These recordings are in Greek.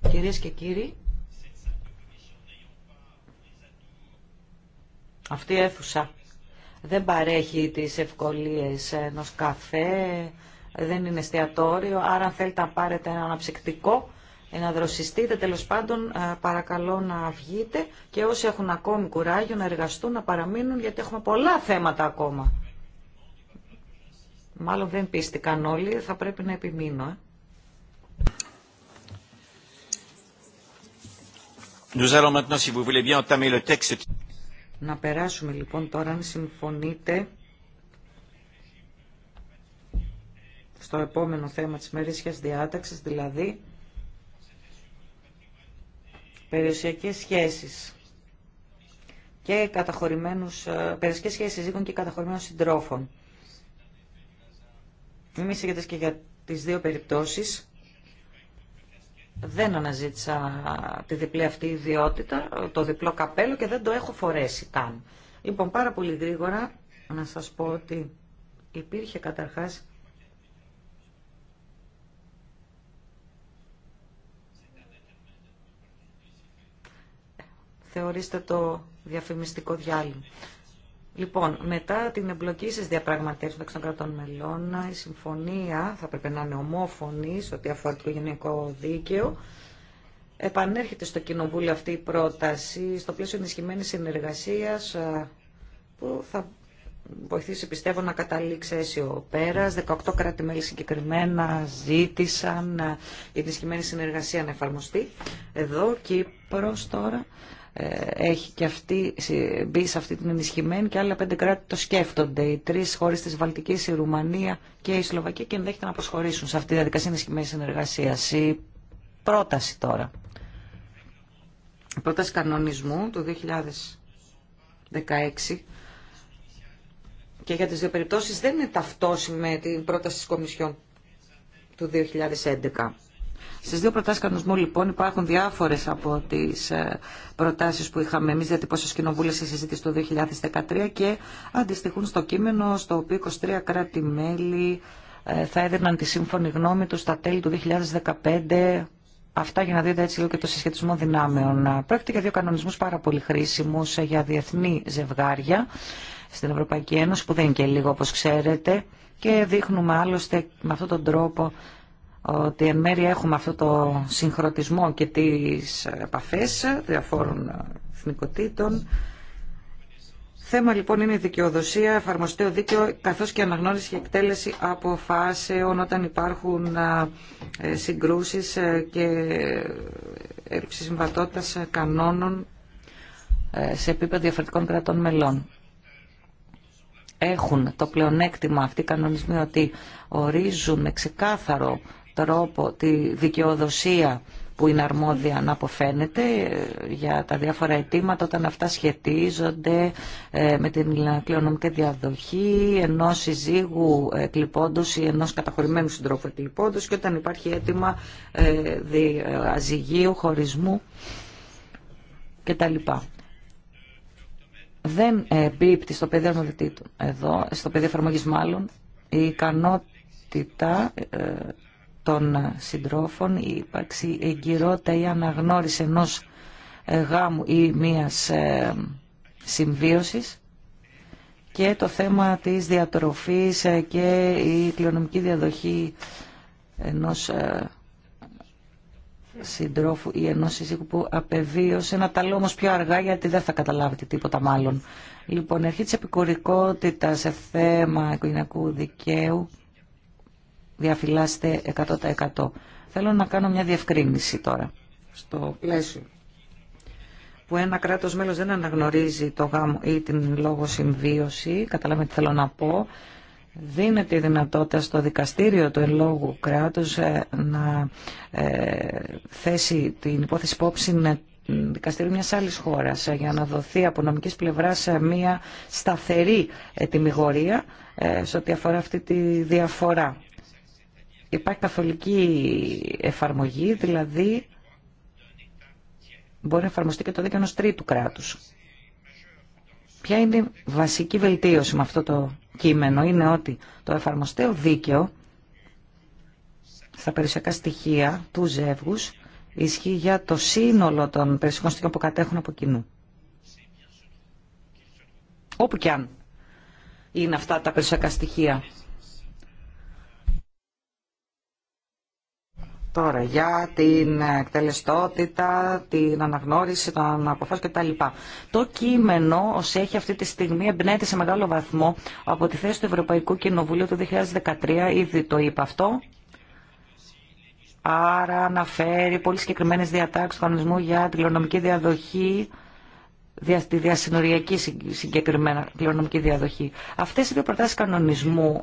Κυρίες και κύριοι, αυτή η αίθουσα δεν παρέχει τις ευκολίες ενός καφέ, δεν είναι εστιατόριο, άρα αν θέλετε να πάρετε ένα αναψυκτικό, να δροσιστείτε, τέλος πάντων παρακαλώ να βγείτε και όσοι έχουν ακόμη κουράγιο να εργαστούν, να παραμείνουν, γιατί έχουμε πολλά θέματα ακόμα. Μάλλον δεν πίστηκαν όλοι, θα πρέπει να επιμείνω. Ε. Να περάσουμε λοιπόν τώρα, αν συμφωνείτε, στο επόμενο θέμα της μερίσιας διάταξης, δηλαδή περιουσιακές σχέσεις και καταχωρημένους, ε, περιουσιακές σχέσεις και καταχωρημένων συντρόφων. Είμαι συγκεκριτής και για τις δύο περιπτώσεις δεν αναζήτησα τη διπλή αυτή ιδιότητα, το διπλό καπέλο και δεν το έχω φορέσει καν. Λοιπόν, πάρα πολύ γρήγορα να σας πω ότι υπήρχε καταρχάς θεωρήστε το διαφημιστικό διάλειμμα. Λοιπόν, μετά την εμπλοκή στι διαπραγματεύσει των κρατών μελών, η συμφωνία θα πρέπει να είναι ομόφωνη σε ό,τι αφορά το γενικό δίκαιο. Επανέρχεται στο Κοινοβούλιο αυτή η πρόταση στο πλαίσιο ενισχυμένη συνεργασία ε, που θα βοηθήσει, πιστεύω, να καταλήξει αίσιο πέρα. 18 κράτη-μέλη συγκεκριμένα ζήτησαν ε, η ενισχυμένη συνεργασία να εφαρμοστεί. Εδώ, Κύπρος τώρα ε, έχει και αυτή μπει σε αυτή την ενισχυμένη και άλλα πέντε κράτη το σκέφτονται. Οι τρει χώρε τη Βαλτική, η Ρουμανία και η Σλοβακία και ενδέχεται να προσχωρήσουν σε αυτή τη διαδικασία ενισχυμένη συνεργασία. Η πρόταση τώρα. Η πρόταση κανονισμού του 2016 και για τις δύο περιπτώσεις δεν είναι ταυτόσιμη με την πρόταση της Κομισιόν του 2011. Στι δύο προτάσει κανονισμού, λοιπόν, υπάρχουν διάφορε από τι ε, προτάσει που είχαμε εμεί διατυπώσει ω κοινοβούλε σε συζήτηση το 2013 και αντιστοιχούν στο κείμενο στο οποίο 23 κράτη-μέλη ε, θα έδιναν τη σύμφωνη γνώμη του στα τέλη του 2015. Αυτά για να δείτε έτσι λίγο και το συσχετισμό δυνάμεων. Πρόκειται για δύο κανονισμού πάρα πολύ χρήσιμου ε, για διεθνή ζευγάρια στην Ευρωπαϊκή Ένωση, που δεν είναι και λίγο όπω ξέρετε. Και δείχνουμε άλλωστε με αυτόν τον τρόπο ότι εν μέρει έχουμε αυτό το συγχρονισμό και τις επαφές διαφόρων εθνικοτήτων. Θέμα λοιπόν είναι η δικαιοδοσία, εφαρμοστέο δίκαιο, καθώς και αναγνώριση και εκτέλεση αποφάσεων όταν υπάρχουν ε, συγκρούσεις ε, και έλλειψη συμβατότητας ε, κανόνων σε επίπεδο διαφορετικών κρατών μελών. Έχουν το πλεονέκτημα αυτοί οι κανονισμοί ότι ορίζουν με ξεκάθαρο τρόπο τη δικαιοδοσία που είναι αρμόδια να αποφαίνεται ε, για τα διάφορα αιτήματα όταν αυτά σχετίζονται ε, με την κληρονομική διαδοχή ενός συζύγου κλειπώντος ή ενός καταχωρημένου συντρόφου κλειπώντος και όταν υπάρχει αίτημα ε, αζυγίου, χωρισμού κτλ. Δεν επίπτει στο πεδίο του εδώ, στο πεδίο εφαρμογής μάλλον, η ικανότητα των συντρόφων, η ύπαρξη εγκυρότητα ή αναγνώριση ενός ε, γάμου ή μίας ε, συμβίωσης και το θέμα της διατροφής ε, και η κληρονομική διαδοχή ενός συντρόφου ή ενός σύζυγου που απεβίωσε να τα λέω όμως πιο αργά γιατί δεν θα καταλάβετε τίποτα μάλλον. Λοιπόν, η αρχή της επικουρικότητας σε θέμα οικογενειακού δικαίου διαφυλάσσεται 100%. Θέλω να κάνω μια διευκρίνηση τώρα στο πλαίσιο που ένα κράτος μέλος δεν αναγνωρίζει το γάμο ή την λόγο συμβίωση, καταλάβετε τι θέλω να πω, δίνεται η δυνατότητα στο δικαστήριο του ελόγου κράτους ε, να ε, θέσει την υπόθεση υπόψη ε, δικαστήριο μιας άλλης χώρας για να δοθεί από νομικής πλευράς μια σταθερή ε, σε ό,τι αφορά αυτή τη διαφορά Υπάρχει καθολική εφαρμογή, δηλαδή μπορεί να εφαρμοστεί και το δίκαιο ενός τρίτου κράτους. Ποια είναι η βασική βελτίωση με αυτό το κείμενο είναι ότι το εφαρμοστείο δίκαιο στα περιουσιακά στοιχεία του ζεύγους ισχύει για το σύνολο των περιουσιακών στοιχείων που κατέχουν από κοινού. Όπου και αν είναι αυτά τα περιουσιακά στοιχεία Τώρα, για την εκτελεστότητα, την αναγνώριση των αποφάσεων κτλ. Το κείμενο, ω έχει αυτή τη στιγμή, εμπνέεται σε μεγάλο βαθμό από τη θέση του Ευρωπαϊκού Κοινοβουλίου του 2013, ήδη το είπα αυτό. Άρα αναφέρει πολύ συγκεκριμένε διατάξει του κανονισμού για την κληρονομική διαδοχή, τη διασυνοριακή συγκεκριμένα κληρονομική διαδοχή. Αυτές οι δύο προτάσει κανονισμού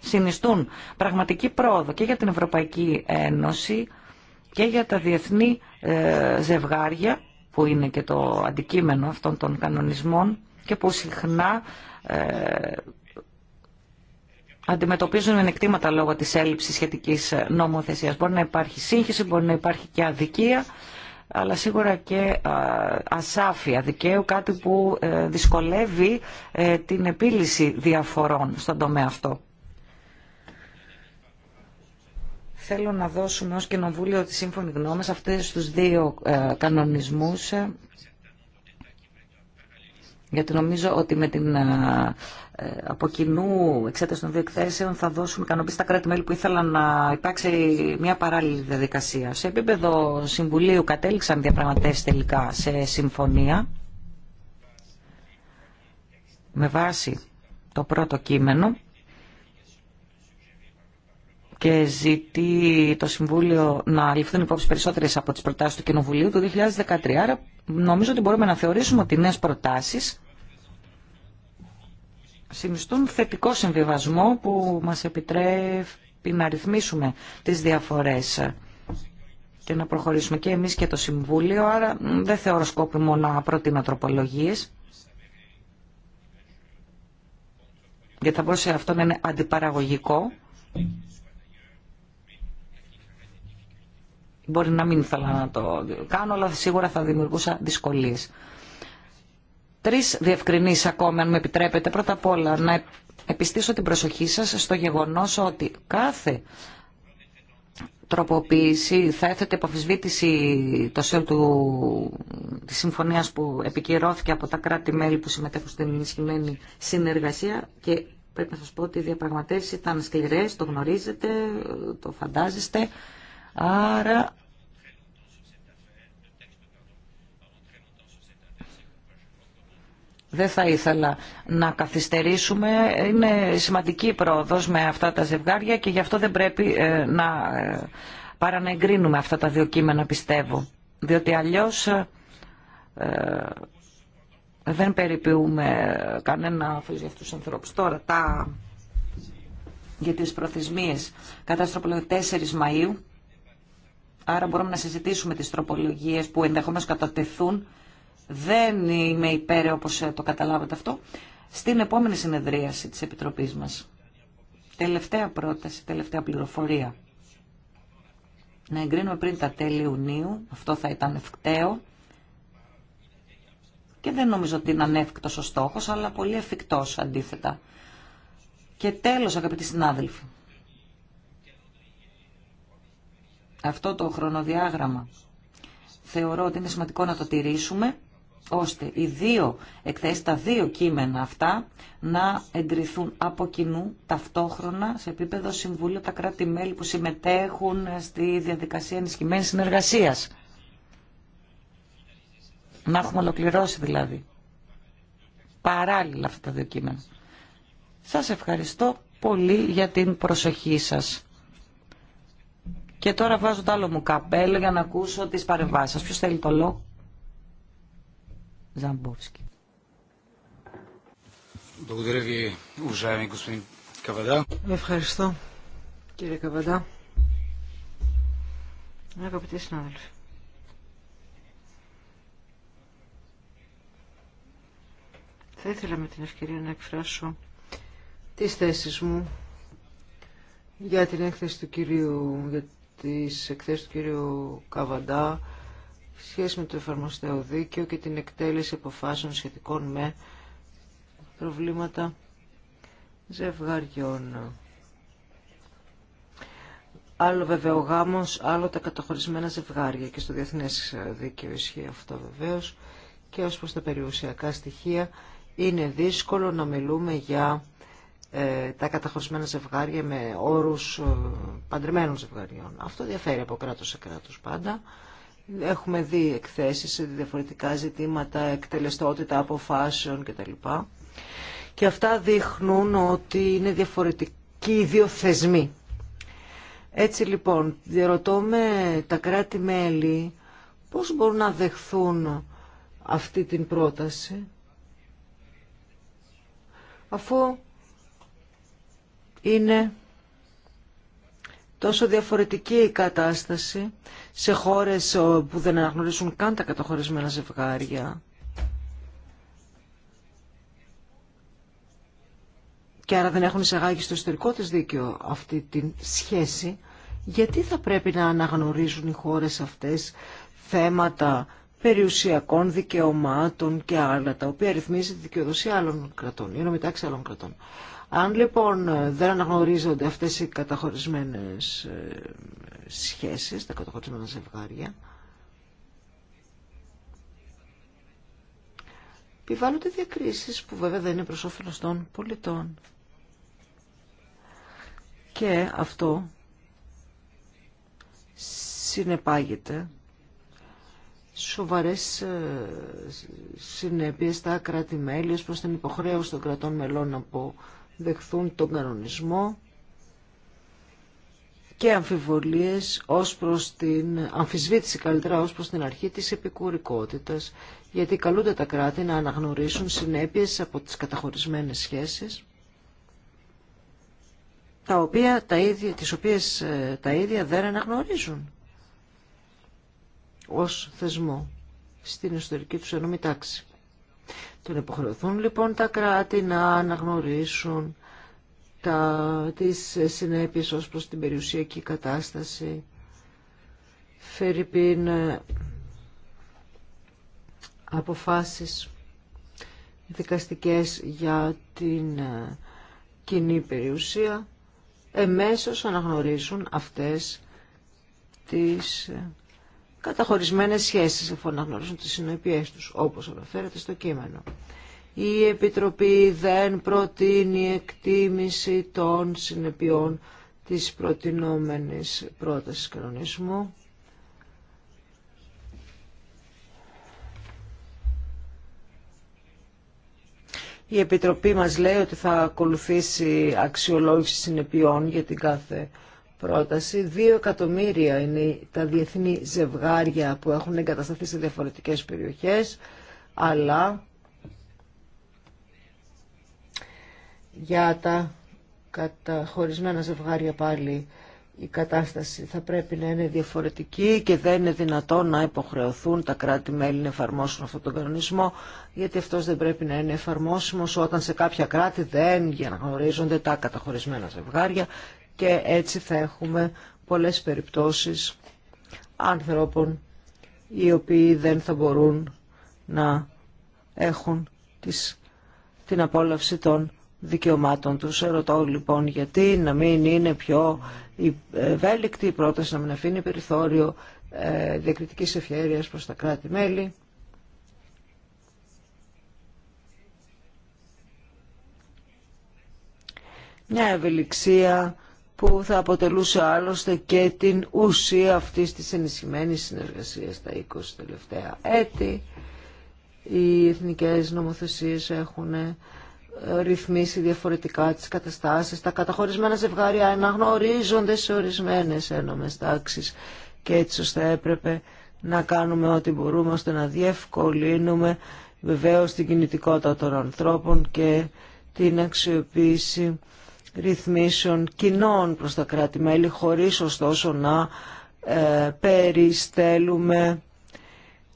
συνιστούν πραγματική πρόοδο και για την Ευρωπαϊκή Ένωση και για τα διεθνή ε, ζευγάρια που είναι και το αντικείμενο αυτών των κανονισμών και που συχνά ε, αντιμετωπίζουν ενεκτήματα λόγω της έλλειψης σχετικής ε, νομοθεσίας. Μπορεί να υπάρχει σύγχυση, μπορεί να υπάρχει και αδικία, αλλά σίγουρα και ασάφεια δικαίου, κάτι που δυσκολεύει την επίλυση διαφορών στον τομέα αυτό. Θέλω να δώσουμε ως Κοινοβούλιο τη σύμφωνη γνώμη σε αυτές τους δύο ε, κανονισμούς ε, γιατί νομίζω ότι με την ε, από κοινού εξέταση των δύο εκθέσεων θα δώσουμε ικανοποίηση στα κράτη-μέλη που ήθελαν να υπάρξει μια παράλληλη διαδικασία. Σε επίπεδο Συμβουλίου κατέληξαν διαπραγματεύσει τελικά σε συμφωνία με βάση το πρώτο κείμενο και ζητεί το Συμβούλιο να ληφθούν υπόψη περισσότερες από τις προτάσεις του Κοινοβουλίου του 2013. Άρα νομίζω ότι μπορούμε να θεωρήσουμε ότι οι νέες προτάσεις συνιστούν θετικό συμβιβασμό που μας επιτρέπει να ρυθμίσουμε τις διαφορές και να προχωρήσουμε και εμείς και το Συμβούλιο. Άρα δεν θεωρώ σκόπιμο να προτείνω τροπολογίες. Γιατί θα μπορούσε αυτό να είναι αντιπαραγωγικό Μπορεί να μην ήθελα να το κάνω, αλλά σίγουρα θα δημιουργούσα δυσκολίες. Τρεις διευκρινήσει ακόμη, αν με επιτρέπετε. Πρώτα απ' όλα, να επιστήσω την προσοχή σας στο γεγονός ότι κάθε τροποποίηση θα έθετε υποφυσβήτηση το σέλ του, της συμφωνίας που επικυρώθηκε από τα κράτη-μέλη που συμμετέχουν στην ενισχυμένη συνεργασία και πρέπει να σας πω ότι οι διαπραγματεύσεις ήταν σκληρές, το γνωρίζετε, το φαντάζεστε. Άρα δεν θα ήθελα να καθυστερήσουμε. Είναι σημαντική η πρόοδος με αυτά τα ζευγάρια και γι' αυτό δεν πρέπει ε, να ε, παρανεγκρίνουμε αυτά τα δύο κείμενα πιστεύω. Διότι αλλιώς ε, δεν περιποιούμε κανένα αφού για αυτούς τους ανθρώπους. Τώρα τα... για τις προθεσμίες κατάστροπλα 4 Μαΐου. Άρα μπορούμε να συζητήσουμε τις τροπολογίες που ενδεχομένως κατατεθούν δεν είμαι υπέρ όπως ε, το καταλάβατε αυτό, στην επόμενη συνεδρίαση της Επιτροπής μας. Τελευταία πρόταση, τελευταία πληροφορία. Να εγκρίνουμε πριν τα τέλη Ιουνίου, αυτό θα ήταν ευκταίο. Και δεν νομίζω ότι είναι ανεύκτος ο στόχος, αλλά πολύ εφικτός αντίθετα. Και τέλος, αγαπητοί συνάδελφοι, αυτό το χρονοδιάγραμμα θεωρώ ότι είναι σημαντικό να το τηρήσουμε ώστε οι δύο εκθέσεις, τα δύο κείμενα αυτά, να εντριθούν από κοινού ταυτόχρονα σε επίπεδο Συμβουλίου τα κράτη-μέλη που συμμετέχουν στη διαδικασία ενισχυμένη συνεργασίας. Να έχουμε ολοκληρώσει δηλαδή παράλληλα αυτά τα δύο κείμενα. Σας ευχαριστώ πολύ για την προσοχή σας. Και τώρα βάζω το άλλο μου καπέλο για να ακούσω τις παρεμβάσεις Ποιος θέλει το λόγο. Замбовски. Благодаря ви, уважаеми господин Кавада. Ευχαριστώ, κύριε Καβαντά. Αγαπητοί συνάδελφοι. Θα ήθελα με την ευκαιρία να εκφράσω τις θέσεις μου για την έκθεση του κυρίου, για τις εκθέσεις του κυρίου Καβαντά σχέση με το εφαρμοστέο δίκαιο και την εκτέλεση αποφάσεων σχετικών με προβλήματα ζευγαριών. Άλλο βέβαια ο γάμος, άλλο τα καταχωρισμένα ζευγάρια και στο διεθνές δίκαιο ισχύει αυτό βεβαίως και ως προς τα περιουσιακά στοιχεία είναι δύσκολο να μιλούμε για ε, τα καταχωρισμένα ζευγάρια με όρους ε, παντρεμένων ζευγαριών. Αυτό διαφέρει από κράτος σε κράτος πάντα. Έχουμε δει εκθέσεις σε διαφορετικά ζητήματα, εκτελεστότητα αποφάσεων κτλ. Και αυτά δείχνουν ότι είναι διαφορετικοί οι δύο θεσμοί. Έτσι λοιπόν, διαρωτώ με τα κράτη-μέλη πώς μπορούν να δεχθούν αυτή την πρόταση, αφού είναι τόσο διαφορετική η κατάσταση σε χώρες ε, που δεν αναγνωρίζουν καν τα καταχωρισμένα ζευγάρια. Και άρα δεν έχουν εισαγάγει στο ιστορικό της δίκαιο αυτή τη σχέση. Γιατί θα πρέπει να αναγνωρίζουν οι χώρες αυτές θέματα περιουσιακών δικαιωμάτων και άλλα, τα οποία ρυθμίζει τη δικαιοδοσία άλλων κρατών, η νομιτάξη άλλων κρατών. Αν λοιπόν ε, δεν αναγνωρίζονται αυτές οι καταχωρισμένες ε, σχέσεις, τα καταχωρισμένα ζευγάρια, επιβάλλονται διακρίσεις που βέβαια δεν είναι προς όφελος των πολιτών. Και αυτό συνεπάγεται σοβαρές ε, συνέπειες στα κράτη-μέλη ως προς την υποχρέωση των κρατών μελών να αποδεχθούν τον κανονισμό και αμφιβολίες ως προς την αμφισβήτηση καλύτερα ως προς την αρχή της επικουρικότητας γιατί καλούνται τα κράτη να αναγνωρίσουν συνέπειες από τις καταχωρισμένες σχέσεις τα οποία, τα τις οποίες ε, τα ίδια δεν αναγνωρίζουν ως θεσμό στην ιστορική του ενόμη τάξη. Τον υποχρεωθούν λοιπόν τα κράτη να αναγνωρίσουν τα, τις συνέπειες ως προς την περιουσιακή κατάσταση. Φερρυπίν ε, αποφάσεις δικαστικές για την ε, κοινή περιουσία εμέσως αναγνωρίσουν αυτές τις ε, καταχωρισμένες σχέσεις αφού αναγνωρίζουν τις συνοηπιές τους, όπως αναφέρεται στο κείμενο. Η Επιτροπή δεν προτείνει εκτίμηση των συνεπειών της προτινόμενης πρότασης κανονισμού. Η Επιτροπή μας λέει ότι θα ακολουθήσει αξιολόγηση συνεπειών για την κάθε πρόταση. Δύο εκατομμύρια είναι τα διεθνή ζευγάρια που έχουν εγκατασταθεί σε διαφορετικές περιοχές, αλλά για τα καταχωρισμένα ζευγάρια πάλι η κατάσταση θα πρέπει να είναι διαφορετική και δεν είναι δυνατόν να υποχρεωθούν τα κράτη-μέλη να εφαρμόσουν αυτόν τον κανονισμό, γιατί αυτός δεν πρέπει να είναι εφαρμόσιμος όταν σε κάποια κράτη δεν γνωρίζονται τα καταχωρισμένα ζευγάρια και έτσι θα έχουμε πολλές περιπτώσεις άνθρωπων οι οποίοι δεν θα μπορούν να έχουν την απόλαυση των δικαιωμάτων τους. Ερωτώ λοιπόν γιατί να μην είναι πιο ευέλικτη η πρόταση, να μην αφήνει περιθώριο ε, διακριτικής ευχαίριας προς τα κράτη-μέλη. Μια ευελιξία που θα αποτελούσε άλλωστε και την ουσία αυτής της ενισχυμένης συνεργασίας τα 20 τελευταία έτη. Οι εθνικές νομοθεσίες έχουν ε, ρυθμίσει διαφορετικά τις καταστάσεις. Τα καταχωρισμένα ζευγάρια αναγνωρίζονται σε ορισμένες ένομες τάξεις και έτσι ώστε έπρεπε να κάνουμε ό,τι μπορούμε ώστε να διευκολύνουμε βεβαίως την κινητικότητα των ανθρώπων και την αξιοποίηση ρυθμίσεων κοινών προς τα κράτη-μέλη χωρίς ωστόσο να ε, περιστέλουμε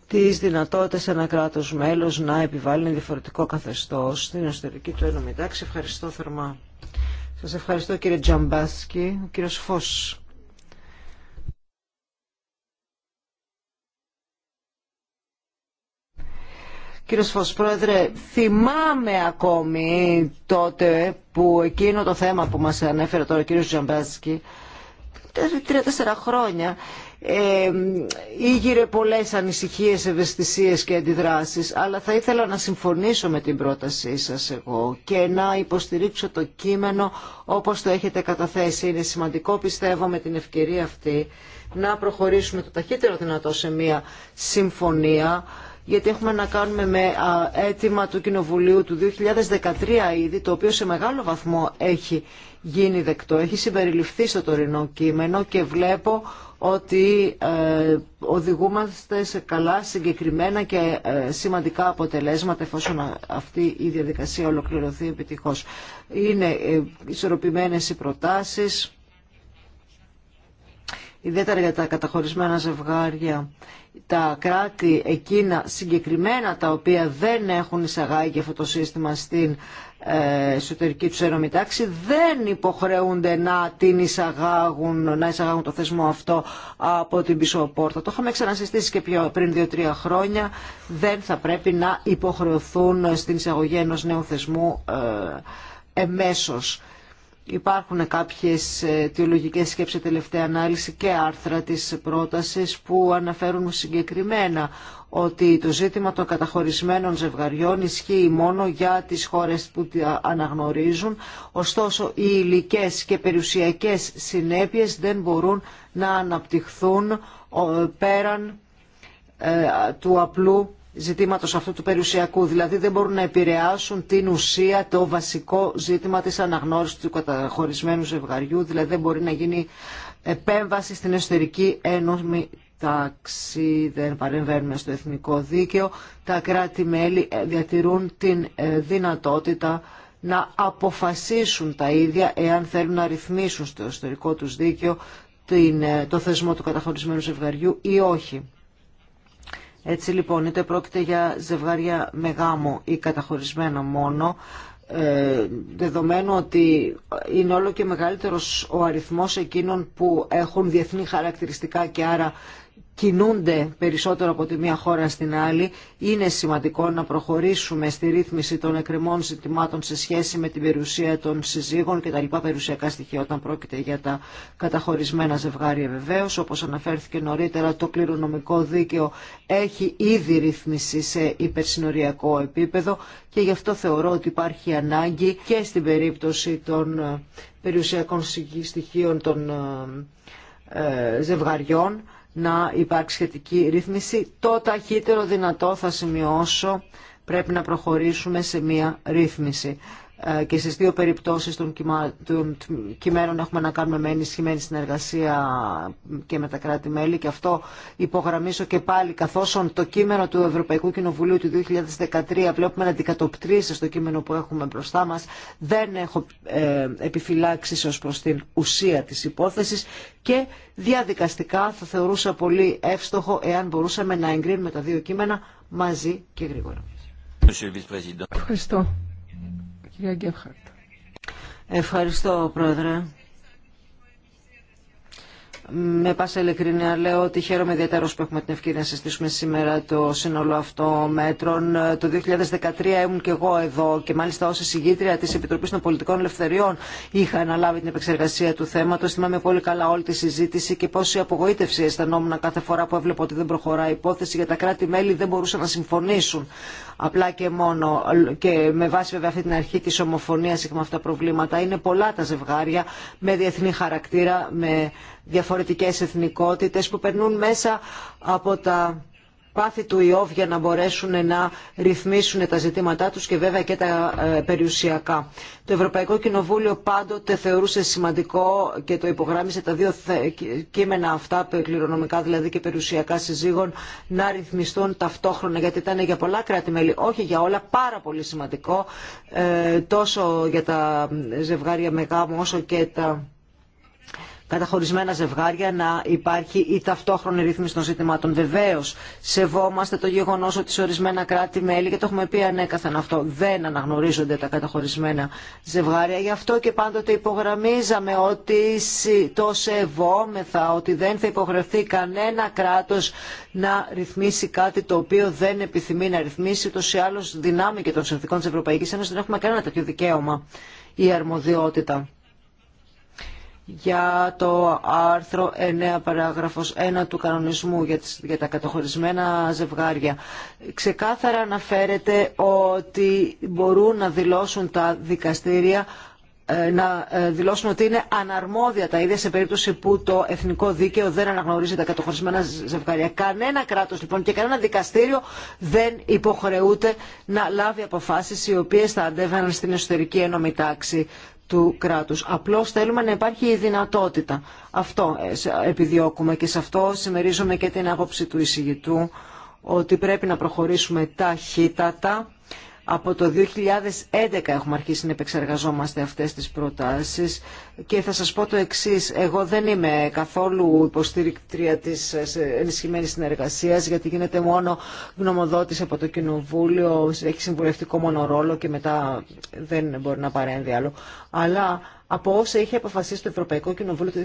τις δυνατότητες ένα κράτος μέλος να επιβάλλει ένα διαφορετικό καθεστώς στην εσωτερική του ένωμη. Εντάξει, ευχαριστώ θερμά. Σας ευχαριστώ κύριε Τζαμπάσκι, κύριος Φως. Κύριε Φως, Πρόεδρε, θυμάμαι ακόμη τότε που εκείνο το θέμα που μας ανέφερε τώρα ο κύριος Τζαμπάσκι, τρία-τέσσερα χρόνια, ε, ήγηρε πολλές ανησυχίες, ευαισθησίες και αντιδράσεις, αλλά θα ήθελα να συμφωνήσω με την πρότασή σας εγώ και να υποστηρίξω το κείμενο όπως το έχετε καταθέσει. Είναι σημαντικό, πιστεύω, με την ευκαιρία αυτή να προχωρήσουμε το ταχύτερο δυνατό σε μια συμφωνία γιατί έχουμε να κάνουμε με αίτημα του Κοινοβουλίου του 2013 ήδη, το οποίο σε μεγάλο βαθμό έχει γίνει δεκτό, έχει συμπεριληφθεί στο τωρινό κείμενο και βλέπω ότι ε, οδηγούμαστε σε καλά συγκεκριμένα και ε, σημαντικά αποτελέσματα εφόσον αυτή η διαδικασία ολοκληρωθεί επιτυχώς. Είναι ε, ισορροπημένες οι προτάσεις ιδιαίτερα για τα καταχωρισμένα ζευγάρια, τα κράτη εκείνα συγκεκριμένα τα οποία δεν έχουν εισαγάγει αυτό το σύστημα στην ε, εσωτερική του ένωμη τάξη δεν υποχρεούνται να την εισαγάγουν, να εισαγάγουν το θεσμό αυτό από την πίσω πόρτα. Το είχαμε ξανασυστήσει και πιο, πριν δύο-τρία χρόνια. Δεν θα πρέπει να υποχρεωθούν στην εισαγωγή ενός νέου θεσμού ε, εμέσως. Υπάρχουν κάποιες αιτιολογικές σκέψεις τελευταία ανάλυση και άρθρα της πρότασης που αναφέρουν συγκεκριμένα ότι το ζήτημα των καταχωρισμένων ζευγαριών ισχύει μόνο για τις χώρες που αναγνωρίζουν, ωστόσο οι υλικέ και περιουσιακές συνέπειες δεν μπορούν να αναπτυχθούν ε, πέραν ε, του απλού ζητήματος αυτού του περιουσιακού, δηλαδή δεν μπορούν να επηρεάσουν την ουσία, το βασικό ζήτημα της αναγνώρισης του καταχωρισμένου ζευγαριού, δηλαδή δεν μπορεί να γίνει επέμβαση στην εσωτερική ένωση τάξη, δεν παρεμβαίνουμε στο εθνικό δίκαιο, τα κράτη-μέλη ε, διατηρούν την ε, δυνατότητα να αποφασίσουν τα ίδια εάν θέλουν να ρυθμίσουν στο εσωτερικό τους δίκαιο ε, το θεσμό του καταχωρισμένου ζευγαριού ή όχι. Έτσι λοιπόν, είτε πρόκειται για ζευγάρια με γάμο ή καταχωρισμένα μόνο, ε, δεδομένου ότι είναι όλο και μεγαλύτερος ο αριθμός εκείνων που έχουν διεθνή χαρακτηριστικά και άρα κινούνται περισσότερο από τη μία χώρα στην άλλη, είναι σημαντικό να προχωρήσουμε στη ρύθμιση των εκκρεμών ζητημάτων σε σχέση με την περιουσία των συζύγων και τα λοιπά περιουσιακά στοιχεία όταν πρόκειται για τα καταχωρισμένα ζευγάρια βεβαίω. Όπως αναφέρθηκε νωρίτερα, το κληρονομικό δίκαιο έχει ήδη ρύθμιση σε υπερσυνοριακό επίπεδο και γι' αυτό θεωρώ ότι υπάρχει ανάγκη και στην περίπτωση των ε, περιουσιακών στοιχείων των ε, ε, ζευγαριών να υπάρξει σχετική ρύθμιση. Το ταχύτερο δυνατό θα σημειώσω πρέπει να προχωρήσουμε σε μία ρύθμιση. Ε, και στις δύο περιπτώσεις των, κυμα... κειμένων έχουμε να κάνουμε με ενισχυμένη συνεργασία και με τα κράτη-μέλη και αυτό υπογραμμίσω και πάλι καθώς το κείμενο του Ευρωπαϊκού Κοινοβουλίου του 2013 βλέπουμε να αντικατοπτρίσει στο κείμενο που έχουμε μπροστά μας δεν έχω ε, επιφυλάξει ως προς την ουσία της υπόθεσης και διαδικαστικά θα θεωρούσα πολύ εύστοχο εάν μπορούσαμε να εγκρίνουμε τα δύο κείμενα μαζί και γρήγορα. Ευχαριστώ. Κυρία Ευχαριστώ, Πρόεδρε. Με πάσα ειλικρίνεια λέω ότι χαίρομαι ιδιαίτερα που έχουμε την ευκαιρία να συζητήσουμε σήμερα το σύνολο αυτό μέτρων. Το 2013 ήμουν και εγώ εδώ και μάλιστα ω εισηγήτρια τη Επιτροπή των Πολιτικών Ελευθεριών είχα αναλάβει την επεξεργασία του θέματο. Θυμάμαι πολύ καλά όλη τη συζήτηση και πόση απογοήτευση αισθανόμουν κάθε φορά που έβλεπα ότι δεν προχωρά η υπόθεση για τα κράτη-μέλη δεν μπορούσαν να συμφωνήσουν απλά και μόνο και με βάση βέβαια αυτή την αρχή της ομοφωνίας με αυτά τα προβλήματα. Είναι πολλά τα ζευγάρια με διεθνή χαρακτήρα, με διαφορετικές εθνικότητες που περνούν μέσα από τα πάθη του Ιώβ για να μπορέσουν να ρυθμίσουν τα ζητήματά τους και βέβαια και τα ε, περιουσιακά. Το Ευρωπαϊκό Κοινοβούλιο πάντοτε θεωρούσε σημαντικό και το υπογράμμισε τα δύο κείμενα αυτά, κληρονομικά δηλαδή και περιουσιακά συζύγων, να ρυθμιστούν ταυτόχρονα γιατί ήταν για πολλά κράτη-μέλη, όχι για όλα, πάρα πολύ σημαντικό ε, τόσο για τα ζευγάρια με γάμο όσο και τα καταχωρισμένα ζευγάρια να υπάρχει η ταυτόχρονη ρύθμιση των ζητημάτων. Βεβαίω, σεβόμαστε το γεγονό ότι σε ορισμένα κράτη-μέλη, και το έχουμε πει ανέκαθεν αυτό, δεν αναγνωρίζονται τα καταχωρισμένα ζευγάρια. Γι' αυτό και πάντοτε υπογραμμίζαμε ότι το σεβόμεθα, ότι δεν θα υπογραφεί κανένα κράτο να ρυθμίσει κάτι το οποίο δεν επιθυμεί να ρυθμίσει. Ούτω ή άλλω, δυνάμει και των συνθηκών τη Ευρωπαϊκή Ένωση δεν έχουμε κανένα τέτοιο δικαίωμα ή αρμοδιότητα για το άρθρο 9 παράγραφος 1 του κανονισμού για, τα κατοχωρισμένα ζευγάρια. Ξεκάθαρα αναφέρεται ότι μπορούν να δηλώσουν τα δικαστήρια ε, να ε, δηλώσουν ότι είναι αναρμόδια τα ίδια σε περίπτωση που το εθνικό δίκαιο δεν αναγνωρίζει τα κατοχωρισμένα ζευγάρια. Κανένα κράτος λοιπόν και κανένα δικαστήριο δεν υποχρεούται να λάβει αποφάσεις οι οποίες θα αντέβαιναν στην εσωτερική ένωμη τάξη του κράτους. Απλώς θέλουμε να υπάρχει η δυνατότητα. Αυτό ε, επιδιώκουμε και σε αυτό συμμερίζομαι και την άποψη του εισηγητού ότι πρέπει να προχωρήσουμε ταχύτατα από το 2011 έχουμε αρχίσει να επεξεργαζόμαστε αυτές τις προτάσεις και θα σας πω το εξής. Εγώ δεν είμαι καθόλου υποστήρικτρια της ενισχυμένης συνεργασίας γιατί γίνεται μόνο γνωμοδότης από το Κοινοβούλιο, έχει συμβουλευτικό μόνο ρόλο και μετά δεν μπορεί να παρέμβει άλλο. Αλλά από όσα είχε αποφασίσει το Ευρωπαϊκό Κοινοβούλιο το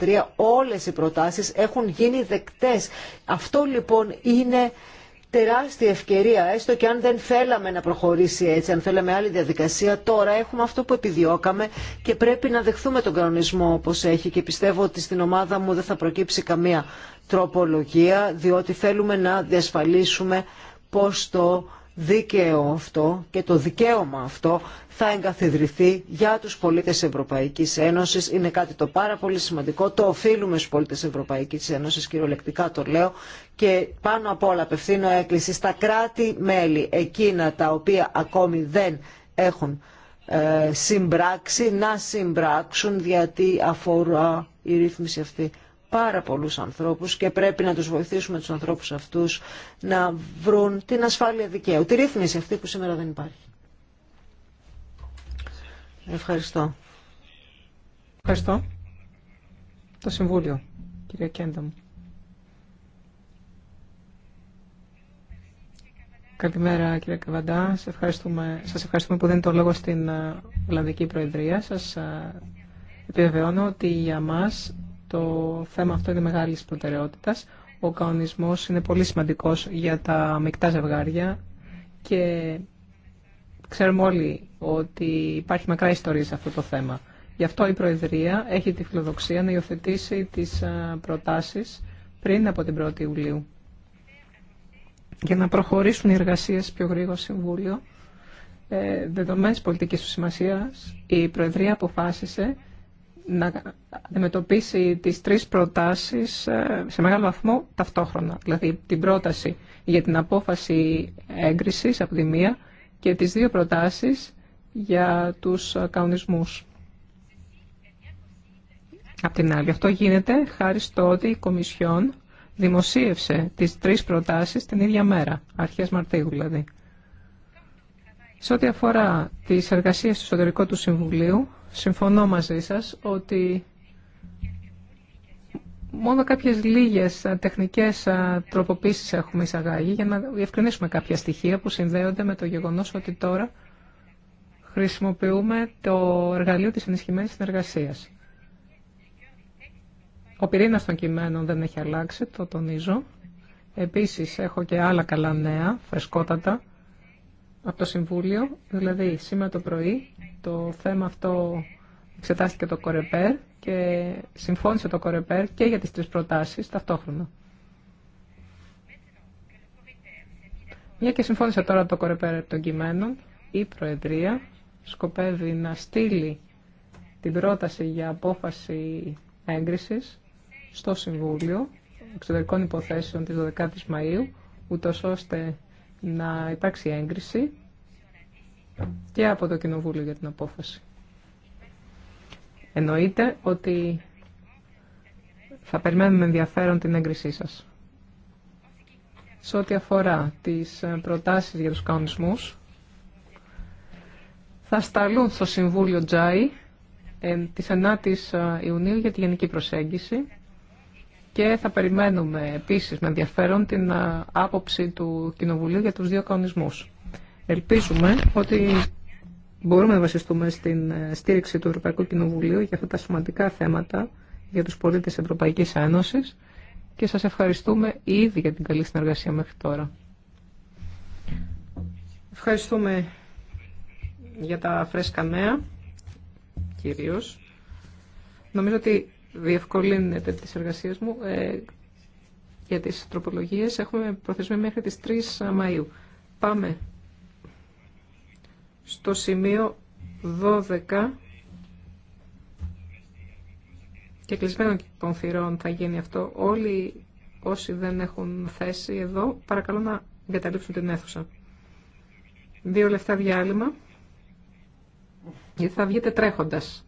2013 όλες οι προτάσεις έχουν γίνει δεκτές. Αυτό λοιπόν είναι τεράστια ευκαιρία, έστω και αν δεν θέλαμε να προχωρήσει έτσι, αν θέλαμε άλλη διαδικασία, τώρα έχουμε αυτό που επιδιώκαμε και πρέπει να δεχθούμε τον κανονισμό όπως έχει και πιστεύω ότι στην ομάδα μου δεν θα προκύψει καμία τροπολογία, διότι θέλουμε να διασφαλίσουμε πώς το δίκαιο αυτό και το δικαίωμα αυτό θα εγκαθιδρυθεί για τους πολίτες Ευρωπαϊκής Ένωσης. Είναι κάτι το πάρα πολύ σημαντικό, το οφείλουμε στους πολίτες Ευρωπαϊκής Ένωσης, κυριολεκτικά το λέω, και πάνω απ' όλα απευθύνω έκκληση στα κράτη-μέλη, εκείνα τα οποία ακόμη δεν έχουν ε, συμπράξει, να συμπράξουν γιατί αφορά η ρύθμιση αυτή πάρα πολλούς ανθρώπους και πρέπει να τους βοηθήσουμε τους ανθρώπους αυτούς να βρουν την ασφάλεια δικαίου, τη ρύθμιση αυτή που σήμερα δεν υπάρχει. Ευχαριστώ. Ευχαριστώ. Το Συμβούλιο, κυρία Κέντα μου. Καλημέρα κύριε Καβαντά. Σας ευχαριστούμε, σας ευχαριστούμε που δίνετε το λόγο στην ε, Ολλανδική Προεδρία. Σας ε, επιβεβαιώνω ότι για μας το θέμα αυτό είναι μεγάλης προτεραιότητας. Ο κανονισμός είναι πολύ σημαντικός για τα μεικτά ζευγάρια και ξέρουμε όλοι ότι υπάρχει μακρά ιστορία σε αυτό το θέμα. Γι' αυτό η Προεδρία έχει τη φιλοδοξία να υιοθετήσει τις προτάσεις πριν από την 1η Ιουλίου. Για να προχωρήσουν οι εργασίες πιο γρήγορα στο Συμβούλιο, ε, πολιτική πολιτικής σημασίας, η Προεδρία αποφάσισε να αντιμετωπίσει τις τρεις προτάσεις ε, σε μεγάλο βαθμό ταυτόχρονα. Δηλαδή την πρόταση για την απόφαση έγκρισης από τη μία και τις δύο προτάσεις για τους καουνισμούς Απ' την άλλη, αυτό γίνεται χάρη στο ότι η Κομισιόν δημοσίευσε τις τρεις προτάσεις την ίδια μέρα, αρχές Μαρτίου δηλαδή. Σε ό,τι αφορά τις εργασίες του εσωτερικού του Συμβουλίου, Συμφωνώ μαζί σας ότι μόνο κάποιες λίγες τεχνικές τροποποίησεις έχουμε εισαγάγει για να διευκρινίσουμε κάποια στοιχεία που συνδέονται με το γεγονός ότι τώρα χρησιμοποιούμε το εργαλείο της ενισχυμένης συνεργασίας. Ο πυρήνα των κειμένων δεν έχει αλλάξει, το τονίζω. Επίσης έχω και άλλα καλά νέα, φρεσκότατα από το Συμβούλιο, δηλαδή σήμερα το πρωί το θέμα αυτό εξετάστηκε το Κορεπέρ και συμφώνησε το Κορεπέρ και για τις τρεις προτάσεις ταυτόχρονα. Μια και συμφώνησε τώρα το Κορεπέρ των κειμένων, η Προεδρία σκοπεύει να στείλει την πρόταση για απόφαση έγκρισης στο Συμβούλιο Εξωτερικών Υποθέσεων της 12ης Μαΐου, ούτως ώστε να υπάρξει έγκριση και από το Κοινοβούλιο για την απόφαση. Εννοείται ότι θα περιμένουμε με ενδιαφέρον την έγκρισή σας. Σε ό,τι αφορά τις προτάσεις για τους κανονισμούς, θα σταλούν στο Συμβούλιο Τζάι ε, της 9ης ε, Ιουνίου για τη γενική προσέγγιση και θα περιμένουμε επίσης με ενδιαφέρον την άποψη του Κοινοβουλίου για τους δύο κανονισμούς. Ελπίζουμε ότι μπορούμε να βασιστούμε στην ε, στήριξη του Ευρωπαϊκού Κοινοβουλίου για αυτά τα σημαντικά θέματα για τους πολίτες Ευρωπαϊκής Ένωσης και σας ευχαριστούμε ήδη για την καλή συνεργασία μέχρι τώρα. Ευχαριστούμε για τα φρέσκα νέα, κυρίως. Νομίζω ότι διευκολύνεται τις εργασίες μου. Ε, για τις τροπολογίες έχουμε προθεσμία μέχρι τις 3 Μαΐου. Πάμε στο σημείο 12 και κλεισμένο των θυρών θα γίνει αυτό. Όλοι όσοι δεν έχουν θέση εδώ παρακαλώ να εγκαταλείψουν την αίθουσα. Δύο λεφτά διάλειμμα γιατί θα βγείτε τρέχοντας.